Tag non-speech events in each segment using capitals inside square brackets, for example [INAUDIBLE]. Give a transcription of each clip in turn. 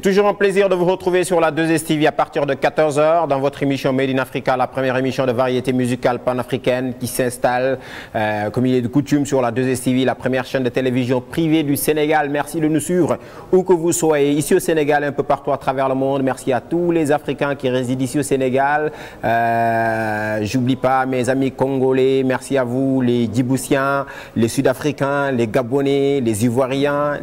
C'est toujours un plaisir de vous retrouver sur la 2STV à partir de 14h dans votre émission Made in Africa, la première émission de variété musicale panafricaine qui s'installe, euh, comme il est de coutume, sur la 2STV, la première chaîne de télévision privée du Sénégal. Merci de nous suivre où que vous soyez, ici au Sénégal un peu partout à travers le monde. Merci à tous les Africains qui résident ici au Sénégal. Euh, les Gabonais, les Ivoiriens,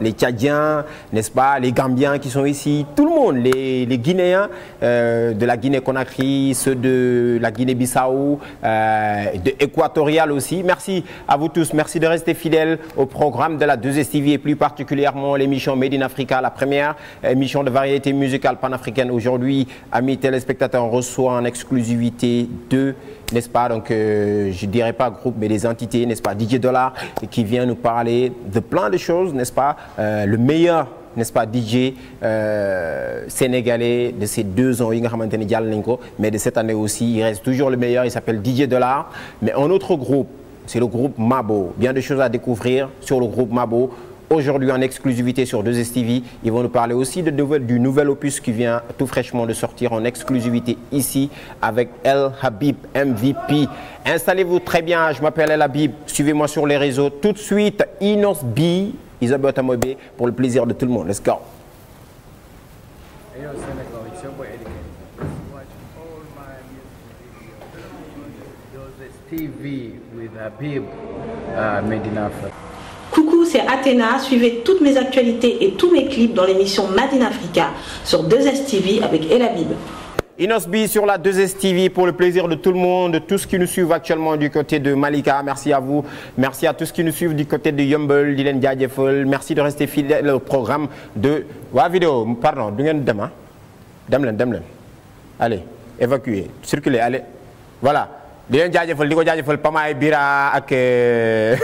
aussi tout le monde, les, les Guinéens euh, de la Guinée-Conakry, ceux de la Guinée-Bissau, euh, de Équatorial aussi. Merci à vous tous. Merci de rester fidèles au programme de la 2STV et plus particulièrement l'émission Made in Africa, la première émission de variété musicale panafricaine. Aujourd'hui, amis téléspectateurs, on reçoit en exclusivité deux n'est-ce pas Donc, euh, je dirais pas groupe, mais des entités, n'est-ce pas DJ Dollar, qui vient nous parler de plein de choses, nest n'est-ce pas DJ euh, sénégalais de ces deux ans yi nga xamante ni jàll nañ ko mais de cette année aussi il reste toujours le meilleur il s'appelle DJ Dollar mais un autre groupe c'est le groupe Mabo bien de choses à découvrir sur le groupe Mabo aujourd'hui en exclusivité sur 2STV ils vont nous parler aussi de, de du nouvel opus qui vient tout fraîchement de sortir en exclusivité ici avec El Habib MVP installez-vous très bien je m'appelle El Habib suivez-moi sur les réseaux tout de suite Inos B Isabel Tamobe pour le plaisir de tout le monde. Let's go. TV with toutes mes actualités et tous mes clips dans l'émission Madin sur 2STV avec El Habib. Inos bi sur la 2STV pour le plaisir de tout le monde, tous qui nous suivent actuellement du côté de Malika, merci à vous. Merci à tous qui nous suivent du côté de Yeumbeul, di leen Merci de rester fidèle au programme de Vidéo. Pardon, du ngeen dem ah? Dem leen, dem leen. Allez, évacuez, circulez, allez. di leen jaajëfal di ko jaajëfal Pamaay Bira ak euh,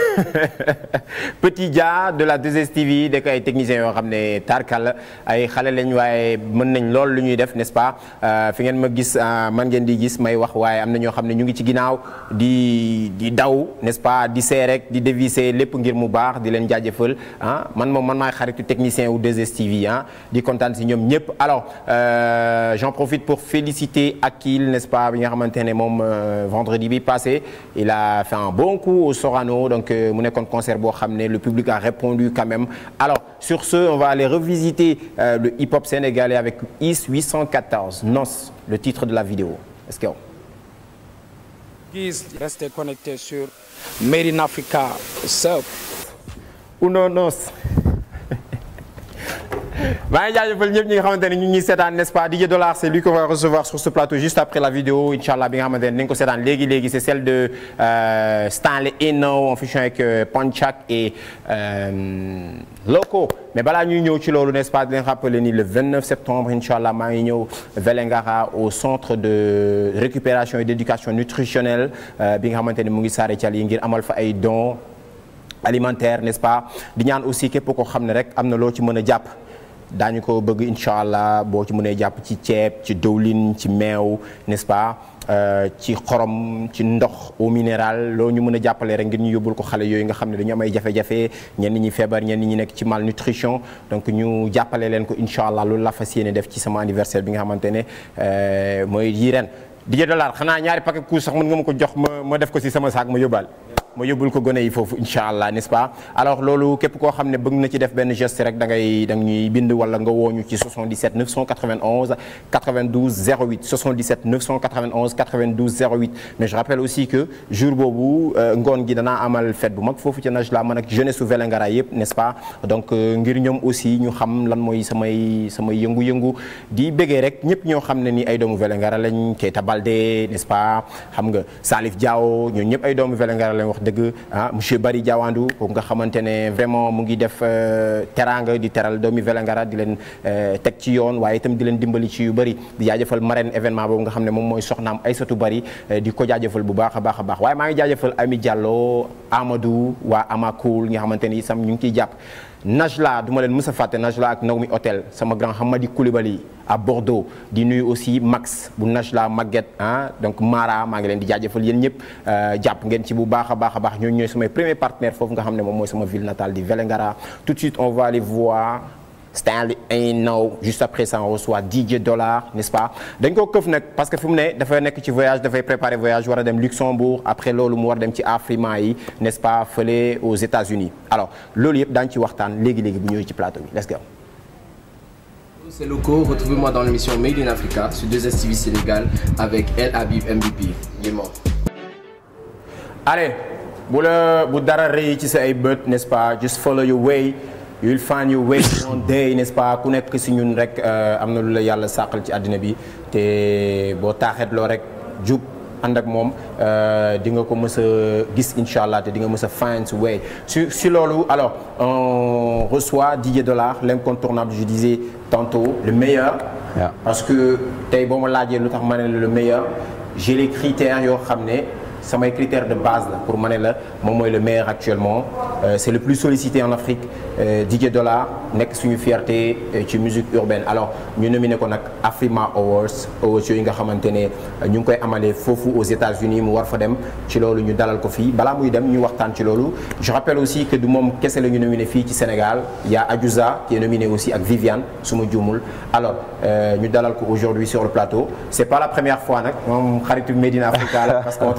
[LAUGHS] Petit Dia de la 2STV de ay techniciens yoo xam ne tarkal ay xale lañ waaye mën nañ lool lu ñuy def n'est-ce pas euh, fi ngeen ma gis euh, man ngeen di gis may wax waaye am na ñoo xam ne ñu ngi ci ginnaaw di di daw n'est-ce pas di see rek di dévisser lépp ngir mu baax di leen jaajëfal ah man moom man maay xaritu technicien wu 2STV ah. di kontaan si ñoom ñëpp alors j'en profite pour féliciter Akil n'est-ce pas bi nga xamante ne moom vendredi bi passé il a fait un bon coup au Sorano donc euh, mu concert boo ne le public a répondu quand même alors sur ce on va aller revisiter euh, le hip-hop sénégalais avec Is 814 Nos le titre de la vidéo let's go Guys, Nos maa ngi jaajëfal ñëpp nga xamante ne ñu ngi seetaan n'est-ce pas DJ Dollar c'est lui qu'on va recevoir sur ce plateau juste ko seetaan euh, euh, euh, balaa ñuy ñëw ci loolu n'est-ce pas di leen rappeler ni le 29 septembre inchallah ngi ñëw Vélingara au centre de récupération et d'éducation nutritionnelle bi nga xamante ne mu ngi saare cal yi ngir amal fa ay dons alimentaires n'est-ce di ñaan aussi képp koo xam ne rek am na loo ci mën a jàpp daañu ko bëgg incha allah boo ci mënee jàpp ci ceeb ci dëwlin ci meew n'est-ce pas euh, ci xorom ci ndox eau minérale loo ñu mën a jàppale rek ngir ñu yóbbul ko xale yooyu nga xam ne dañu am ay jafe-jafe ñenn ñi feebar ñenn ñi nekk ci malnutrition donc ñu jàppale leen ko incha allah loolu la fas yéene def ci sama anniversaire bi nga xamante ne euh, mooy yi ren. di dollar xanaa ñaari paquet ku sax mën nga ma ko jox ma ma def ko si sama saak ma yóbbaal. moo yóbbul ko gone yi foofu incha allah n'est-ce pas alors loolu képp koo xam ne bëgg na ci def benn geste rek da ngay da ñuy bind wala nga wooñu ci 77 991 92 08 77 991 92 08 mais je rappelle aussi que jour boobu euh, ngoon gi danaa amal fête bu foofu ci Najla man ak jeunesse su Vélingara yëpp donc euh, ngir ñoom aussi ñu xam lan mooy samay samay yëngu-yëngu di bëggee rek ñëpp ñoo xam ne ni ay doomu Vélingara lañ Keita Balde n'est-ce pas xam nga Salif Diao ñoo ñëpp ay doomu Vélingara lañ wax dëgg ah monsieur Bari Diawandou kooku nga xamante ne vraiment mu ngi def euh, teraanga di teral doomi velangara di leen euh, teg ci yoon waaye itam di leen dimbali ci yu bëri di jaajëfal marraine événement boobu nga xam ne moom mooy soxna ay Aïssatou Bari euh, di ko jaajëfal bu baax a baax a baax waaye maa ngi jaajëfal Ami Diallo amadu waa Amakoul nga xamante ni sam ñu ngi ciy jàpp Najla du ma leen mës a fàtte Najla ak Naomi Hôtel sama grand Hamadi Koulibaly à Bordeaux di nuyu aussi Max bu Najla Maguette ah donc Mara maa ngi leen di jaajëfal yéen ñëpp euh, jàpp ngeen ci bu baax a baax a baax ñooñu suma samay premier partenaire foofu nga xam ne moom mooy sama ville natale di Vélingara tout de suite on va aller voir Stanley Now juste après ça on reçoit DJ Dollar n'est-ce dañ ko këf nag parce que fi mu ne dafay nekk ci voyage dafay préparer voyage war a dem Luxembourg après loolu mu war a dem ci Afrima yi n'est-ce fële aux états loolu yëpp ci waxtaan léegi-léegi bu ñëwee ci plateau bi let's go C'est Loco, retrouvez-moi dans l'émission Made in Africa sur 2STV Sénégal avec El bu dara rëy ci sa ay bët n'est-ce pas just follow your way you'll find your way ku nekk si ñun rek euh, am na lu la yàlla sàqal ci àddina bi te boo taaxeetloo rek jub. ànd ak moom euh, di nga ko mës a gis incha allah te di nga mës a find way si si loolu alors on reçoit Didier Dollar l'incontournable je disais tantôt le meilleur yeah. parce que tey boo ma laajee lu tax ma ne la le meilleur j'ai les critères yoo xam ne samay critères de base la pour ma ne la moom mooy le meilleur actuellement euh, c'est le plus sollicité en Afrique Euh, DJ Dollar nekk suñu fierté euh, ci musique urbaine alors ñu nominé ko nag Afrima Awards awards yooyu nga xamante ne euh, ñu ngi koy amalee foofu aux États-Unis mu war fa dem ci loolu ñu dalal ko fii bala muy dem ñu waxtaan ci loolu je rappelle aussi que du moom kese la ñu nominé fii ci Sénégal ya a Adjouza qui est nominé aussi ak Viviane su ma juumul alors ñu dalal ko aujourd'hui sur le plateau c'est pas la première fois nag moom xaritu Médina Africa parce qu'on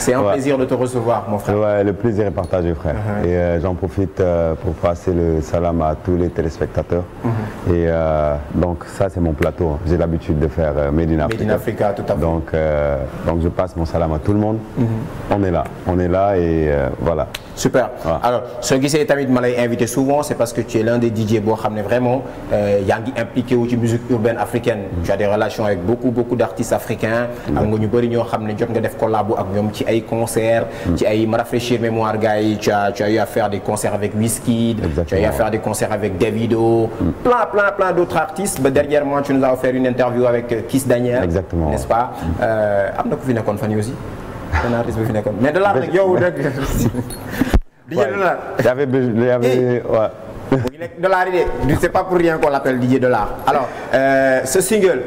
C'est un ouais. plaisir de te recevoir, mon frère. Ouais, le plaisir est partagé, frère. Uh -huh. Et euh, j'en profite euh, pour passer le salam à tous les téléspectateurs. Uh -huh. Et euh, donc, ça, c'est mon plateau. J'ai l'habitude de faire euh, Médine Africa. Médine Africa, tout à fait. Donc, euh, donc, je passe mon salam à tout le monde. Uh -huh. On est là. On est là et euh, voilà. super ouais. alors soo gisee tamit ma invité souvent c'est parce que tu es l'un des DJ boo xam ne vraiment euh, yaa ngi impliqué wu ci musique urbaine africaine mm. tu as des relations avec beaucoup beaucoup d'artistes africains mm. am nga ñu bëri ñoo xam ne jot nga def collabo ak ñoom ci ay concerts mm. ci ay ma rafraîchir mémoire gars yi tu as tu as eu à faire des concerts avec Wizkid tu as eu à faire des concerts avec Davido plein plein plein d'autres artistes ba tu nous as offert une interview avec euh, Kiss euh, am na ku fi nekkoon fan yi scénariste bi fi mais dollar nag yow nag. DJ dollar. y'avait y'avait waaw. mu ngi nekk dollar yi de c'est pas pour rien qu'on l'appelle DJ dollar alors ce single.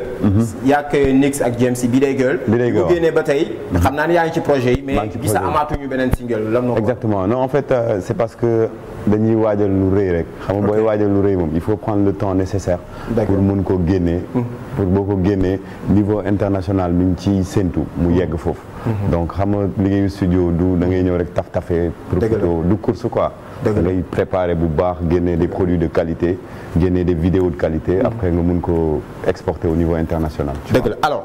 yaa ngi Nix ak James bi day gël. bi day gël bu génnee ba tey. xam naa ne yaa ngi ci projet yi. mais gis amaatuñu beneen single lan moo exactement non en fait e, c'est parce que dañuy waajal lu rëy rek. xam nga booy waajal lu rëy moom il faut prendre le temps nécessaire. pour mun koo génnee. Mhm. pour boo ko génnee niveau international mi ngi ciy séntu mu yegg foofu. Mhm. donc xam nga liggéeyu studio du da ngay ñëw rek taf tafee pour du course quoi da ngay préparer bu baax génnee des produits de qualité génnee des vidéos de qualité mhm. après nga mun ko exporter au niveau international dëgg la alors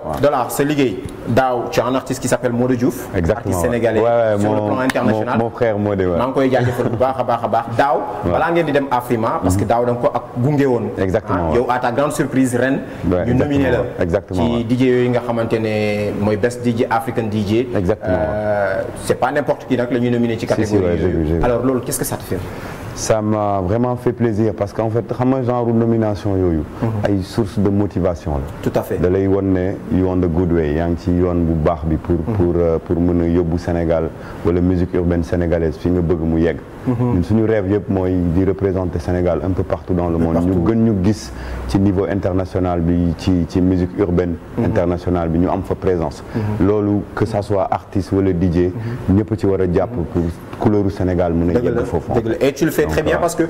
liggéey daaw tu as un artiste qui s'appelle Modou Diouf. exactement artiste sénégalais. Ouais, sur mon, le plan international mon, frère Modou waaw. maa koy jaajëfal bu baax a baax a baax [LAUGHS] daaw. balaa ngeen di dem Afrima. parce que mm-hmm. daaw da ko ak gunge woon. exactement ah, yow à ta grande surprise ren. ñu nominé la exactement ci DJ yooyu nga xamante ne mooy best DJ African DJ. exactement euh, c'est pas n'importe qui nag la ñuy nominé ci catégorie yooyu alors loolu qu'est-ce que ça ça m'a vraiment fait plaisir parce qu'en fait xam nga genre nomination yooyu. Mhm. ay source de motivation la. tout à fait da lay won ne you on the good way yaa ngi ci yoon bu baax bi. pour mhm. pour euh, pour mën a yóbbu Sénégal wala musique urbaine sénégalaise fi nga bëgg mu yegg. Mhm. ñun suñu rêve yëpp mooy di représenter Sénégal un peu partout dans le monde ñu gën ñu gis ci niveau international bi ci ci musique urbaine mhm. internationale bi ñu am fa présence mhm. loolu que ça soit artiste wala DJ ñëpp ci war a jàpp pour couleuru Sénégal mën a foofu dëgg parce que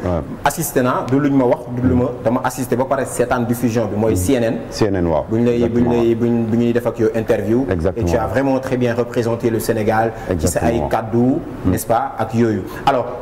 assisté naa du luñ ma wax du lu ma ba pare seetaan diffusion bi mooy CNN CNN waaw buñ lay buñ lay buñ bu ñuy def ak yow interview et tu as vraiment très bien représenté le Sénégal ci sa ay kaddu n'est-ce pas ak yooyu alors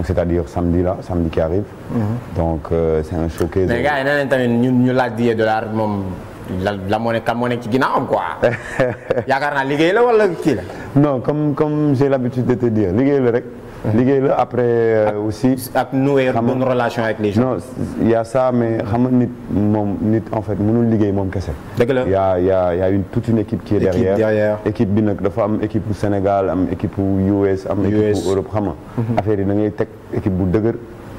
donc c'est-à-dire samedi là samedi qui arrive. Mhm. donc euh, c'est un showcase. mais gars yi nee nañ tamit ñu ñu laaj billet dollar moom la la moo nekk kan moo nekk ci ginnaawam quoi. [LAUGHS] yaakaar naa liggéey la wala kii la. non comme comme j'ai l'habitude de te dire liggéey la rek. liggéey la après. Euh, ak, aussi ak nouer bonne relation avec les ya non y' a ça xam nga nit moom nit en fait mënul liggéey moom kese. dëgg ya y' a y' a y' a une toute une équipe. derrière. équipe bi nag dafa am équipe bu Sénégal am équipe bu US. am équipe bu Europe xam nga. Mhm. affaire yi da ngay teg équipe bu dëgër.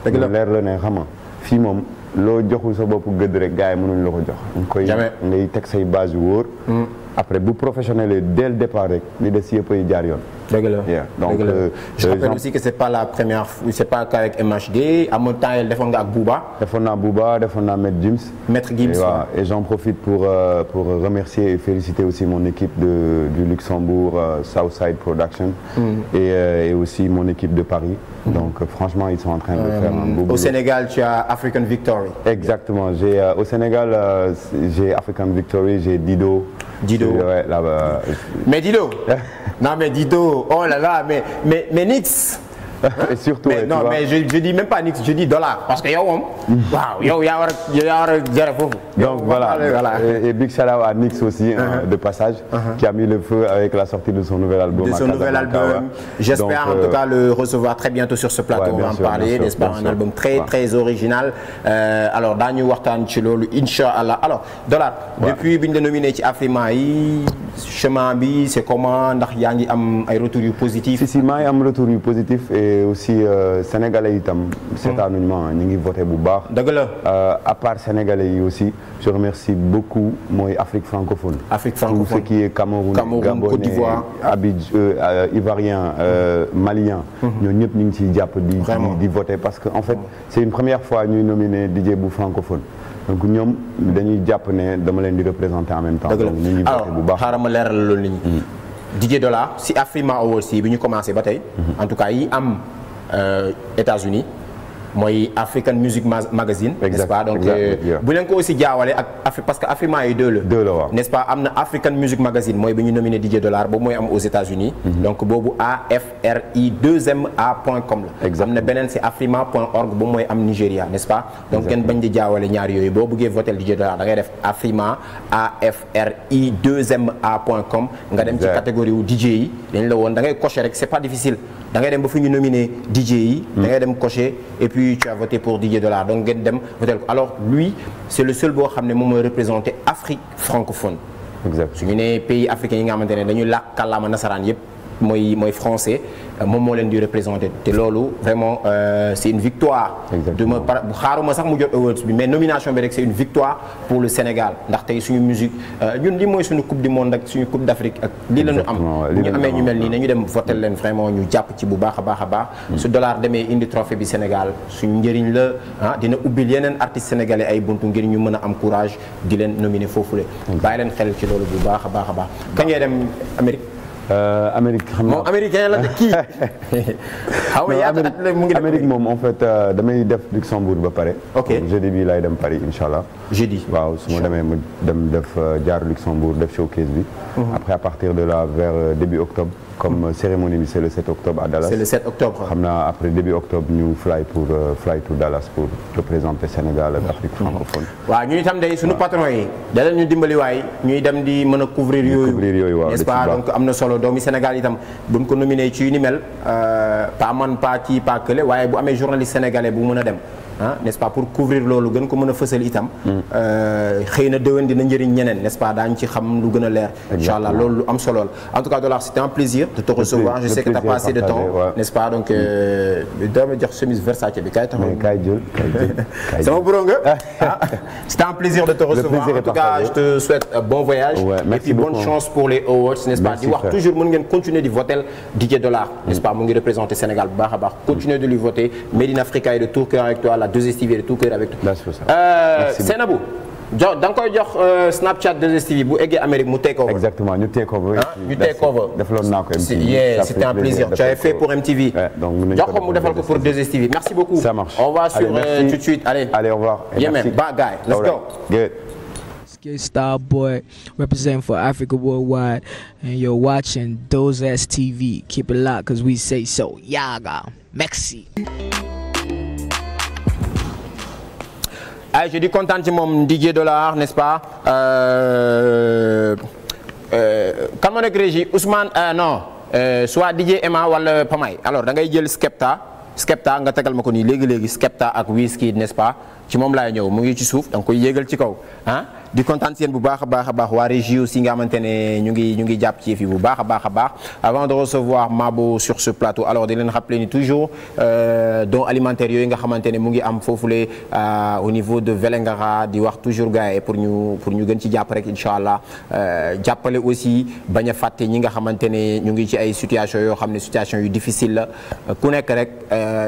dëgg la leer la ne xam nga fii moom. loo joxul sa bopp gëdd rek gars yi mënuñ la ko jox. nga koy ngay teg say base yu wóor. Mhm. après bu professionnel dès le départ rek li des yëpp ay jaar yoon. dëgg la yeah. donc dëgg la euh, je rappelle exemple... aussi que c'est pas la première c'est pas qu'avec MHD amoon temps yële defoon nga ak Bouba. defoon naa Bouba defoon naa Maître Gims. Maître Gims et, voilà. et j'en profite pour euh, pour remercier et féliciter aussi mon équipe de du Luxembourg euh, Southside Production. Mm. et euh, et aussi mon équipe de Paris. Mm. donc euh, franchement ils sont en train de faire un beau boulot. Au Sénégal tu as African Victory. exactement j'ai euh, au Sénégal j'ai African Victory j'ai Dido. Dido ouais là-bas. mais Dido. [LAUGHS] non mais Dido. Oh là là, mais, mais, mais Nix et surtout mais, ouais, non mais je je dis même pas nix je dis dollar parce que yow moom. [LAUGHS] waaw yow yaa war a yaa war a gérer foofu. donc voilà voilà et, et big shout out à Nix aussi. Hein, uh-huh. de passage. Uh-huh. qui a mis le feu avec la sortie de son nouvel album. de son nouvel album j'espère donc, en tout euh, cas le recevoir très bientôt sur ce plateau. on va en parler j'espère un album très très original. Euh, alors daañu waxtaan ci loolu incha allah alors dollar. depuis bi ñu la nominé ci Afrima yi chemin bi c'est comment ndax yaa ngi am ay retours yu positifs. si si maa ngi am retour yu positif et. te aussi euh, sénégalais itam. seetaanuñu ma ñu ngi voté bu baax. dëgg la euh, à part sénégalais yi aussi je remercie beaucoup mooy Afrique francophone. Afrique francophone tout ce qui est Cameroun. Cameroun Côte d'Ivoire Abidjan euh, Ivoirien Malien. Mhm. ñooñu ñëpp ñu ngi ciy jàpp di. di voté parce que en fait c' est une première fois ñuy nominé DJ bu francophone. donc ñoom dañuy jàpp ne dama leen di représenter en même temps. dëgg la alors xaaral ma leeral Didier Dollar si Afrima Awards yi bi ñu commencé ba tey en tout cas yi am euh, États-Unis mooy African Music Magazine. n'est-ce pas donc euh, bu leen ko aussi jaawale ak Afri parce que Afrima yi deux la. deux la waaw n'est-ce pas am na African Music Magazine mooy bi ñu nominé DJ Dollar boobu mooy am aux mm-hmm. n'est-ce pas. donc kenn bañ di jaawale ñaar yooyu boo bëggee votel DJ Dollar da ngay def Afrima AFRI 2MA point com. dem ci rek c'est pas difficile da dem ba fu ñu nominé DJ yi. Mm. da dem cocher puis tu a voté pour Didier Dollar donc ngeen dem voté ko alors lui c'est le seul boo xam ne moom mooy Afrique francophone. exact su pays africain yi nga xamante ne dañu làkk nasaraan yëpp. mooy mooy français euh, moom moo leen di représenté te loolu vraiment euh, c' est une victoire. du ma par xaaruma sax mu jot awards bi mais nomination bi rek c' est une victoire pour le Sénégal ndax tey suñu musique euh, ñun li mooy suñu coupe du monde ak suñu coupe d' Afrique ak. lii la ñu am ñu amee ñu mel nii nañu dem voté leen vraiment ñu jàpp ci bu baax a baax a baax. Hmm. su dollar demee indi trophée bi Sénégal suñu njëriñ la ah dina ubbil yeneen artistes sénégalais ay buntu ngir ñu mën am courage di leen nominer foofule. bàyyi leen xel ci loolu bu baax a baax a baax. kañ ngay Euh, Amérique xam naa moom américain la de [LAUGHS] kii. xaw ma yaakaar naa mu ngi Amérique moom en fait euh, damay def Luxembourg ba pare. ok jeudi bi laay dem Paris incha allah. jeudi waaw su ma demee mu dem def euh, jaar Luxembourg def showcase bi. Mhm. après à partir de là vers début octobre. comme euh, cérémonie bi c'est le 7 octobre à Dallas. c'est le 7 octobre xam naa après début euh, fly to Dallas pour représenter Sénégal Afrique mhm. francophone. waaw ñun itam day suñu patron yi. da ñu dimbali waay ñuy dem di mën a couvrir yooyu. couvrir yooyu waaw nest pas donc am na solo doomi Sénégal itam buñ ko nominé ci yu ni mel euh, pas man pas kii pas kële waaye bu amee journaliste sénégalais bu mën a dem. ah n'est-ce pas pour couvrir loolu gën ko mën a fësal itam euh, xëy na déwén dina njëriñ ñeneen nest pas daañu ci xam lu gën leer incha loolu am solo en tout cas Dollar c'était un plaisir de te recevoir je sais que t'as de temps nest pas donc euh, dama jox chemise Versace bi kaay taxaw kaay jël kaay jël sama [LAUGHS] borom nga [LAUGHS] ah, c'était un plaisir de di wax di voter Dollar nest mm. pas mu ngi représenter Sénégal bu baax de lui voter Made in et de tout 2STV de tout cœur avec toi. Euh, Sénabou jox da nga koy jox euh, Snapchat 2STV bu eggee Amérique mu take over. exactement ñu take over. Ah, ñu take over defaloon naa ko MTV. yeah c'était un plaisir tu avais fait pour MTV. donc jox ko mu defal ko pour 2STV merci beaucoup. ça marche on va sur euh, tout de suite allez. allez au revoir merci bye guy let's go. good. Star Boy representing for Africa worldwide, and you're watching Those Ass TV. Keep it locked, cause we say so. Yaga, Mexi. ay je di kontaan ci moom Didier Dollar n'est-ce pas euh, euh, kan moo nekk régie Ousmane euh, non soit Didier Emma wala Pamay alors da ngay jël Skepta Skepta nga tegal ma ko nii léegi léegi Skepta ak Wizkid n'est-ce pas ci moom laay ñëw mu ngi ci suuf da koy yéegal ci kaw ah di kontaan seen bu baax a baax a baax waa régie aussi nga xamante ne ñu ngi ñu ngi jàpp ci yëf bu baax a baax a baax avant de recevoir Mabo sur ce plateau alors di leen rappeler ni toujours euh, don alimentaire yooyu nga xamante ne mu ngi am foofu foofule euh, au niveau de Vélingara di wax toujours gars yi pour ñu pour ñu gën ci jàpp rek incha allah euh, jàppale aussi bañ a fàtte ñi nga xamante ne ñu ngi ci ay situation yoo xam ne situation yu difficile la ku nekk rek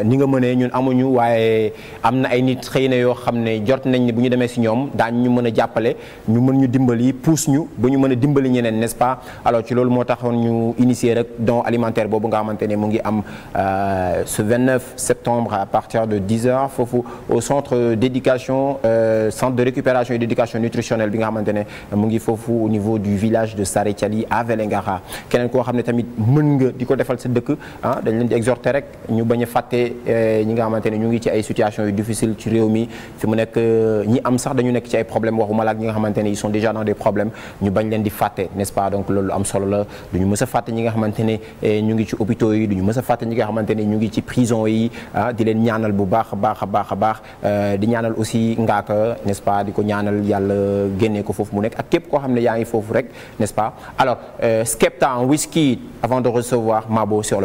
ni nga mënee ñun amuñu waaye am na ay nit xëy na yoo xam ne jot nañ ne bu ñu demee si ñoom daan ñu mën a jàppale ñu mën ñu dimbali pousse ñu ba ñu mën a dimbali ñeneen n'est-ce pas alors ci loolu moo taxoon ñu initier rek don alimentaire boobu nga xamante ne mu ngi am euh, ce 29 septembre à partir de 10 heures foofu au centre d'éducation euh, centre de récupération et d'éducation nutritionnelle bi nga xamante ne mu ngi foofu au niveau du village de Saré Thiali à Vélingara keneen koo xam ne tamit mën nga di ko defal sa dëkk ah dañ leen di exhorter rek ñu bañ a fàtte euh, ñi nga xamante ne ñu ngi ci ay situation yu difficile ci réew mi fi mu nekk euh, ñi am sax dañu nekk ci ay problème waxuma la ñi nga xamante ne ils déjà dans des problèmes ñu bañ leen di fàtte n'est-ce pas donc loolu am solo la du ñu mës a fàtte eh, ñu ngi ci hôpitaux yi du ñu mës a fàtte ñu ngi ci prison yi ah, di leen ñaanal bu baax a baax a baax a euh, di ñaanal aussi ngaaka n'est-ce pas di ko ñaanal yàlla génnee ko foofu mu nekk ak képp koo xam ne yaa ngi foofu rek n'est-ce pas alors euh, Skepta en whisky avant de recevoir Mabo sur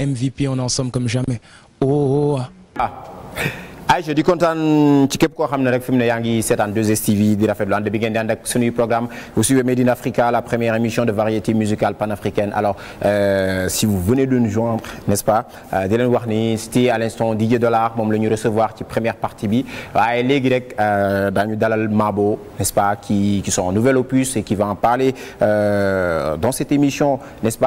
MVP on en somme comme jamais oh, oh, oh. ah Aïcha di kontaan ci képp koo xam ne rek fi mu ne yaa ngi seetaan 2STV di rafetlu ànd bi ngeen di ànd ak suñuy programme vous suivez Made in Africa la première émission de variété musicale panafricaine alors euh, si vous venez de nous joindre n'est-ce pas euh, di leen wax ni c'était à l'instant DJ Dollar moom la ñu recevoir ci première partie bi waaye léegi rek euh, daañu dalal Mabo n'est-ce pas qui qui sont en nouvel opus et qui va en parler euh, dans cette émission nest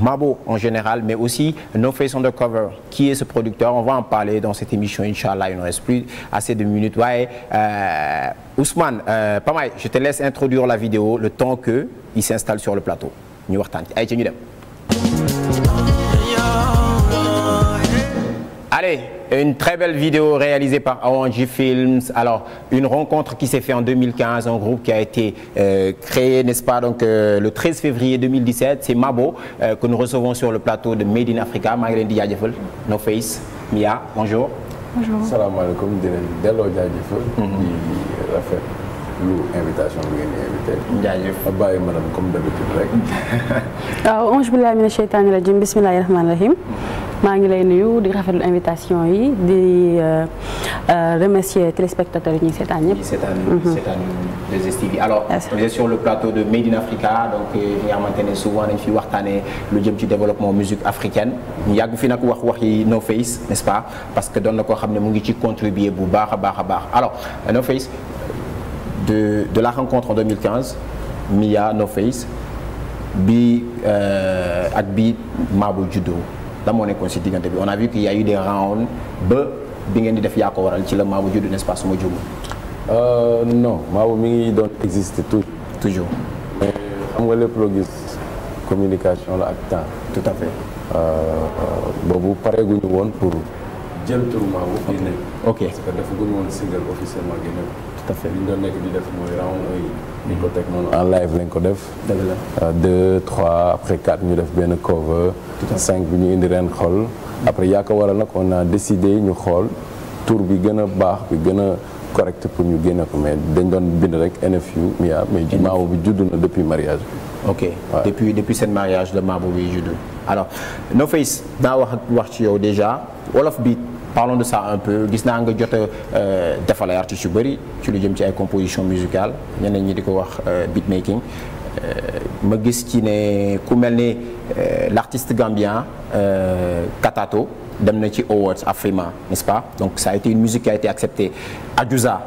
Mabo en général, mais aussi No Face Undercover. Qui est ce producteur? On va en parler dans cette émission, Inch'Allah. Il ne reste plus assez de minutes. waaye ouais, euh, Ousmane euh, Pamay je te laisse introduire la vidéo le temps que il s'installe sur le plateau ñu waxtaan ci ay ci ñu dem Allez, une très par Awanji Films. Alors, une rencontre qui s'est faite en 2015, un groupe a euh, euh, le 13 février 2017. C'est Mabo euh, que nous recevons sur le plateau de Made in Africa. maa ngi leen di jaajëfal No Face Mia lu invitation bi ngeen di invité. jaajëf ma bàyyi madame comme d'habitude rek. [LAUGHS] waaw auzu billaahi mina sheytaani rajiim bismillaahi rahmaani rahiim. maa ngi lay nuyu di rafetlu invitation yi di euh, euh, remercier téléspectateurs yi ñuy seetaan ñëpp. ñuy seetaan mhm. seetaan 2STV yi alors. on est sur le plateau de Made xamante euh, ne souvent dañ fi waxtaanee lu jëm ci développement musique africaine ñu yàgg fi nag wax wax yi No Face n'est-ce pas parce que doon na koo xam ne mu ngi ci contribuer bu baax a baax a baax alo No Face. de, de la rencontre en 2015 Mia No Face bi euh, ak bi Mabo juddoo damoo moo nekkoon si diggante bi on a vu qu'il y a eu ba bi ngeen di def yaa ko waral ci la Mabo juddu n'est-ce pas ma euh, non Mabo mi ngi doon exister toujours. toujours. xam nga lépp communication la ak temps. tout à fait. Euh, boobu pareeguñu woon pour. jël turu Mabo génne. ok parce que woon single officiellement tout à def mooy round live lañ ko def. Euh, trois après quatre ñu def benn cover. cinq bi ñu indi ren xool. après yaa ko waral nag on a décidé ñu xool tour bi gën a baax bi gën a correct pour ñu génne ko mais dañ doon bind rek NFU Mia mais Maabo bi juddu na depuis mariage bi. ok ouais. depuis depuis seen mariage la Maabo bi juddu alors No Face naa wax ak wax ci yow déjà wolof bi. parlons de ça un peu gis naa nga jot a euh, defal ay artistes yu bëri ci lu jëm ci ay composition musicale ñeneen ñi di ko wax euh, beat making euh, ma gis ci ne ku mel ni l'artiste gambien Katato dem na ci awards Afrima n'est-ce pas donc ça a été une musique qui a été acceptée Adjouza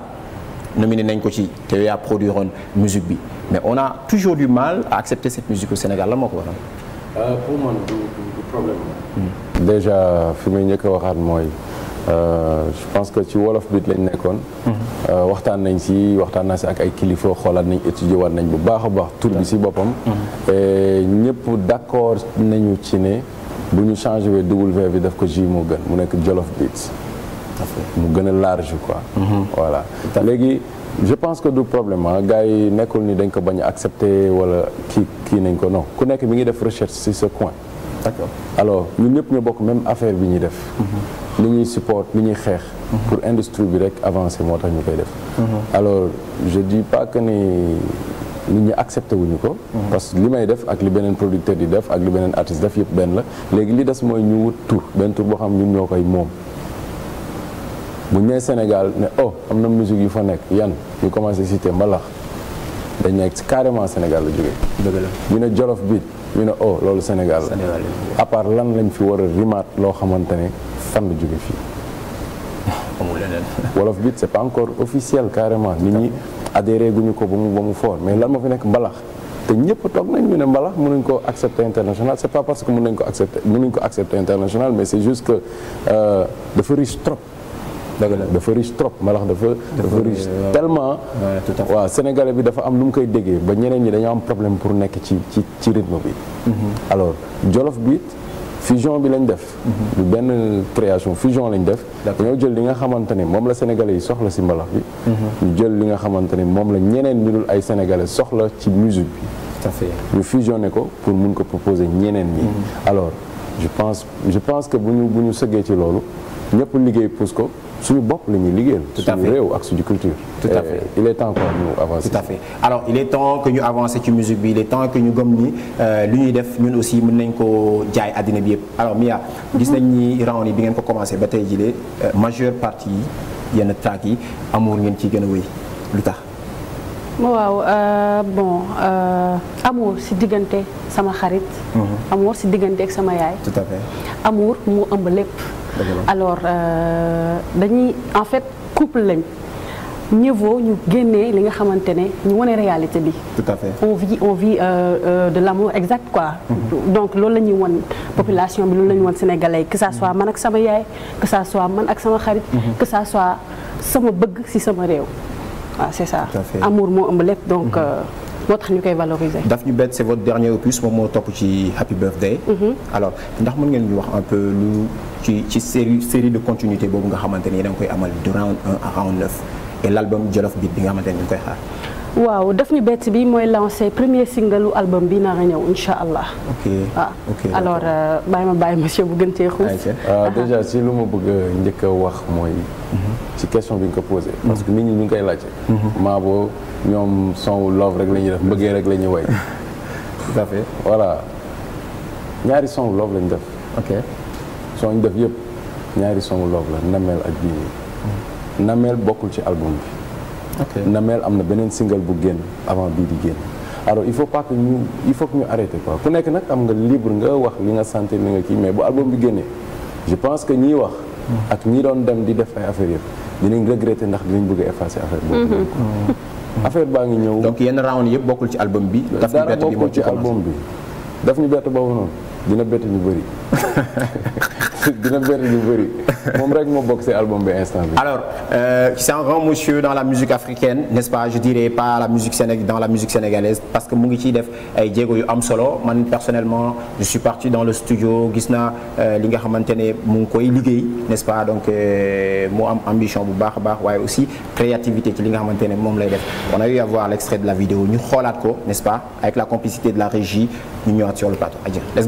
nominé nañ ko ci te yaa produiroon musique bi mais on a toujours du mal à accepter cette musique au Sénégal la moo ko waral. pour man hmm. déjà fi muy njëkk waxaat mooy. Euh, je pense que ci wolof bi lañ nekkoon. Mhm. Euh, waxtaan nañ si waxtaan naa si ak ay kilifa xoolaat nañ étudier waat nañ bu baax a baax. tur bi si boppam. Mhm. ñëpp d' accord nañu ci ne bu ñu changé wee W bi daf ko J moo gën mu nekk Jolof Beats. mu gën a large quoi. Mhm. voilà léegi je pense que du problème ah gars yi nekkul ni dañ ko bañ a accepté wala kii kii nañ ko non ku nekk mi ngi def recherche si ce coin. d' accord alors ñun ñëpp ñu bokk même affaire bi ñuy def. li ñuy support li ñuy xeex pour industrie bi rek avancer moo tax ñu koy def mhm. alors je dis pas que ni nit ñi accepté wuñu ko mhm. parce que li may def ak li beneen producteur di def ak li beneen artiste def yëpp benn la léegi li des mooy ñu wut tur benn tur boo xam ñun ñoo koy moom bu ñëwee Sénégal ne oh am na musique yu fa nekk yan ñu commencé cité mbalax dañ nekk carrément Sénégal la jógee. ñu ne Jolof bi ñu ne o oh, loolu Sénégal la. à part lan lañ fi war a rimaat loo xamante ne fan la jóge fii. [LAUGHS] amul leneen. [LAUGHS] wolof bi c'est pas encore officiel carrément nit ñi adhéré guñu ko ba mu ba mu fort mais lan moo fi nekk mbalax te ñëpp toog nañ ñu ne mbalax mën nañ ko accepter international c'est pas parce que mën nañ ko accepter mën nañ ko accepter international mais c'est juste que euh, dafa riche trop. dafa riche trop mbalax dafa dafa riche tellement waaw bi dafa am nu mu koy déggee ba ñeneen ñi dañoo am problème pour nekk ci ci ci rythme bi mhm. alors jolof bi fusion bi lañ def. Mhm. du benn création fusion lañ def. dañoo jël li nga xamante ne moom la sénégalais yi soxla ci mbalax bi. Mhm. ñu jël li nga xamante ne moom la ñeneen ñu dul ay sénégalais soxla ci musique bi. fait ñu fusionné ko pour mun ko proposer ñeneen ñi. Mhm. alors je pense je pense que bu ñu bu sëggee ci loolu ñëpp liggéey pouse ko. suñu bopp la ñuy liggéeyal. tout à fait suñu réew à fait ñu avancer. alors il est que ñu avancer ci musique bi il que ñu gëm ni euh, lu ñuy def ñun aussi mën nañ ko jaay àddina bi yëpp alors Mia. gis nañ ni round bi ngeen ko commencé ba tey jii euh, majeure partie yi yenn track yi amour ngeen ciy gën a wéy lu tax. waaw euh, si diggante sama xarit. Mhm. amour si diggante ak sama yaay. tout à fait amour mu ëmb lépp. alors euh, dañuy en fait couple lañ niveau ñu génnee li nga xamante ne ñu wane réalité bi. tout à fait on vit on vit euh, la euh, l'amour exact quoi. Mhm. donc loolu la ñuy wan population bi loolu la ñuy wan sénégalais que ça mhm. soit man ak sama yaay que ça soit man ak sama xarit. Mhm. que ça soit sama bëgg ci sama réew. waa c'est ça amour moo ëmb lépp donc. Euh, moo tax ñu koy valoriser. daf ñu bett c'est dernier opus moom moo topp ci happy birthday. Mhm. alors ndax mën ngeen ñu wax un peu lu ci ci série série de continuité boobu nga xamante ni yéen a ngi koy amal du round 1 à round bi nga xamante ni ñu koy xaar. waaw daf ñu bett bi mooy lancé premier single lu album bi nar a ñëw incha allah. ok ah, ok waaw alors euh, bàyyi ma bàyyi monsieur bu gën cee xuus. Euh, ah, ah. déjà si lu ma bëgg njëkk wax mooy. Mhm. ci question bi nga ko posé. parce que nit ñu ngi koy laajte. Mhm. ñoom son love rek la ñuy def bëggee rek la ñuy way tout à fait voilà ñaari son love lañ def ok son ñu def yëpp ñaari son love la nameel ak bii nii mm-hmm. nameel bokkul ci album bi ok nameel am na beneen single bu génn avant bii di génn alors il faut pas que ñu il faut que ñu arrêté quoi ku nekk nag am nga libre nga wax li nga santé li nga kii mais bu album bi génnee je pense que ñiy wax mm. ak ñi doon dem di def ay affaires yëpp dinañ regretter ndax dinañ buggee a affaire boobu mm-hmm. mm. Hmm. affaire baa ngi ñëw. donc yenn round yëpp bokkul ci album bi. daf ñu bett bi moo ci album bi daf ñu bett boobu noonu dina bett ñu bëri. [LAUGHS] [LAUGHS] dina bett ñu bëri moom rek moo bokk si album bi instant bi. alors euh, c'est un la musique africaine n'est-ce pas je dirais pas la musique sénég dans la musique sénégalaise parce que mu ngi ciy def ay jéego yu am solo man personnellement je suis parti dans le gis naa euh, li nga xamante ne mu ngi koy liggéey n'est-ce pas donc euh, moo am ambition bu baax a baax waaye aussi créativité ci li nga xamante ne moom lay def on a eu à voir l'extrait de la vidéo ñu xoolaat ko n'est-ce pas avec la complicité de la régie ñu ñëwaat sur le plateau adieu let's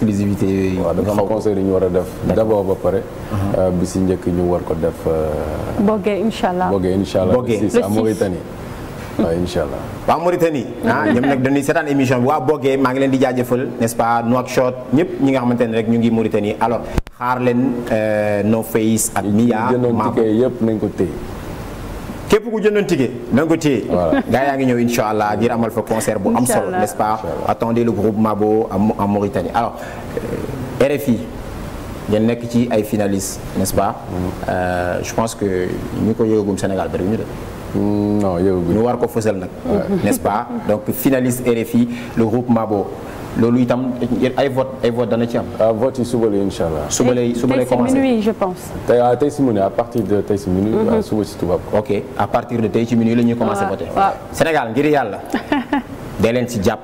exclusivité yooyu. waaw dafa am concert yi ñu war a def. d' abord ba pare. Uh-huh. Euh, bi si njëkk ñu war ko def. Euh, Bogué incha allah Bogué incha allah. Bogué le 6 à Mauritanie. waaw incha allah [LAUGHS] waa Mauritanie ah ñoom nag dañuy seetaan émission bi waa Bogué maa ngi leen di jaajëfal n'est-ce pas Nouakchott ñëpp ñi nga xamante ne rek ñu ngi Mauritanie alors xaar leen euh, No Face ak Mia. maa yëpp nañ ko téye. képp ku jëndoon ticket na nga yaa ngi ñëw incha allah ngir amal fa concert bu am solo n'est-ce pas attendez le groupe Mabo en Mauritanie alors euh, RFI ngeen nekk ci ay finalistes n'est-ce pas mm-hmm. euh, je pense que ñu ko yëgagum Sénégal bëri ñu de mm, ñu war ko fësal nag n'est-ce pas donc finaliste RFI le groupe Mabo loolu itam ay vote ay vote dana ci am. ah vote yi suba la incha allah. suba lay suba lay commencé tey si minuit je pense. tey ah tey si minuit à partir de tey mhm. suba si à partir de tey si minuit la commencé voté. waaw Sénégal ngir yàlla. [LAUGHS] dee leen si jàpp.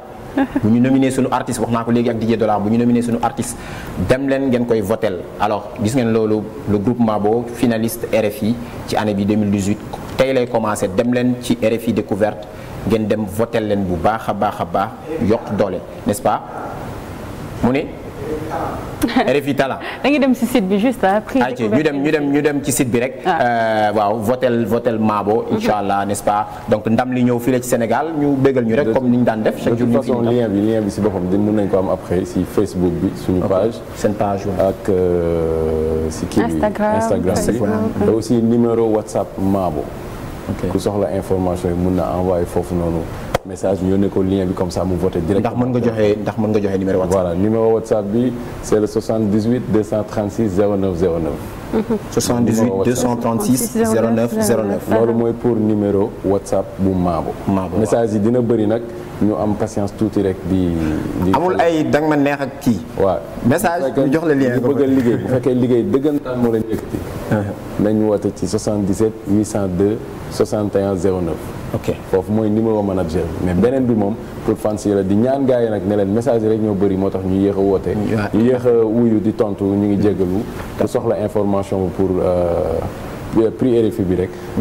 bu ñu nominé sunu artiste wax naa ko léegi ak Didier Dollar bu ñu nominé suñu artiste dem leen ngeen koy votel alors gis ngeen loolu le groupe Mabo finaliste RFI ci année bi 2018 tey lay commencé dem leen ci RFI découverte ngeen dem voté leen bu baax a baax a baax yokk doole n'est-ce pas mu ne. [LAUGHS] RFI Talla. da dem ci sit bi juste ah. ñu dem ñu dem ñu dem ci site bi rek. Ah. Euh, waaw votel votel Maabo. Mhm. incha allah n'est-ce pas donc ndam li ñëw fii la ci Sénégal ñu bégal ñu rek comme ni ñu daan def. chaque jour de toute façon lien bi lien bi ci boppam mën nañu ko am après ci Facebook bi. suñu ak euh, ci kii bi Instagram Instagram aussi numéro WhatsApp Maabo. ku soxla information yi mun na envoyé foofu noonu message ñu ne ko lien bi comme ça mu voté direct. ndax mën nga joxe ndax mën nga joxe numéro WhatsApp. voilà numéro WhatsApp bi c' est [LAUGHS] [LAUGHS] loolu mooy pour numéro WhatsApp bu Maabo. Maabo message yi dina bëri nag ñu am patience tuuti rek di. di amul ay da nga ma neex ak kii. waa message ñu jox la lien. bu bëgg liggéey bu fekkee liggéey dëggantaan moo leen yëkkati. [LAUGHS] nañ woote ci 77 802 61 09. ok foofu mooy numéro manager mais beneen bi moom pour fans la di ñaan gars yi nag ne message rek ñoo bëri moo tax ñu yéex a woote. ñu yéex a wuyu di tontu ñu ngi jégalu. ku soxla information pour. Euh, Euh, prix RFI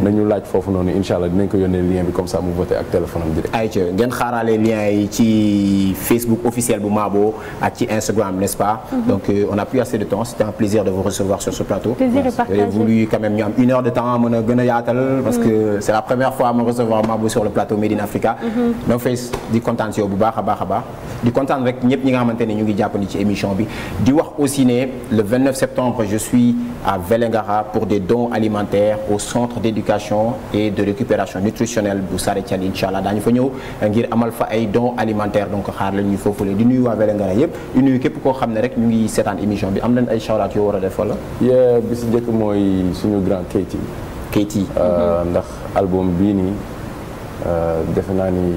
nañu laaj foofu noonu incha allah dinañ lien bi comme ça mu voté ak téléphone am direct ayca ngeen xaaraale lien yi ci Facebook officiel bu Mabo ak ci Instagram n'est-ce pas mhm. donc euh, on a plus assez de temps c'était un plaisir de vous recevoir sur ce plateau plaisir de quand même une heure de temps mën a gën a parce que mhm. c'est la première fois ma recevoir Mabo sur le plateau Made Africa donc mhm. Face di kontaan si bu baax a baax a baax di alimentaire au centre d'éducation et de récupération nutritionnelle bu Saretiane incha allah daañu fa ñëw ngir amal fa ay dons alimentaires donc xaar la foofu foofule di nuyu waa Vélingara yëpp di nuyu képp koo xam ne rek ñu ngi seetaan émission bi am nañ ay shout-out war a def wala. yee bi si njëkk mooy suñu grand Keyti. Keyti. Euh, ndax album bii nii euh, defe naa ni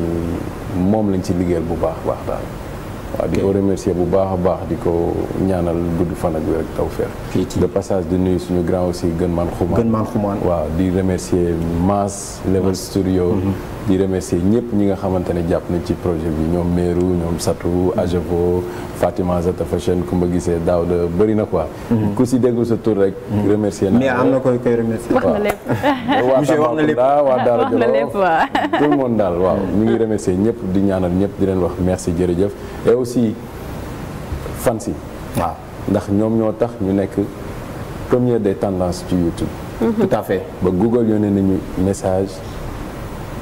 moom lañ ci liggéeyal bu baax baax daal. waaw di ko remercier bu baax a baax di ko ñaanal gudd fan ak wér ak tawfeex de passage di nuyu suñu grand aussi Gën Man Xumaan Gën Man Xumaan waaw di remercier Mass Level Studio mhm. di remercier ñëpp ñi nga xamante ne jàpp nañ ci projet bi ñoom Meru ñoom Satou Ajevo Fatima Zata Fashion Kumba Gisee Daouda bëri na quoi. Mhm. ku si déglu sa tur rek. Mhm. remercier naa mais am na koy koy remercier. wax na lépp [LAUGHS] monsieur wax na daal waaw ñu ngi remercier ñëpp di ñaanal ñëpp di leen wax merci jërëjëf et aussi fans yi waaw ndax ñoom ñoo tax ñu nekk première des tendances ci YouTube. tout à fait ba Google yónnee nañu message.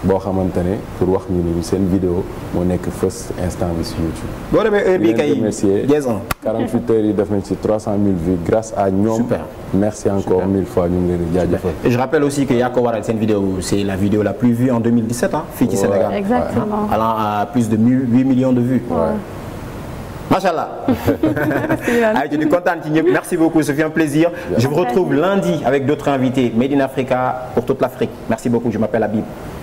boo xamante ne pour wax ñu ni seen vidéo moo nekk first instant bi si YouTube. boo demee heure bii kay jeex 48 heures yi def nañ ci 300000 vues grâce à ñoom. super merci encore super. mille fois ñu ngi leen di jaajëfal. et je rappelle aussi que yaa ko waral seen vidéo c'est la vidéo la plus vue de 8 millions de vues. Ouais. macha allah ay di ñëpp merci beaucoup ce fut un plaisir je vous retrouve lundi avec d'autres invités Made in Africa pour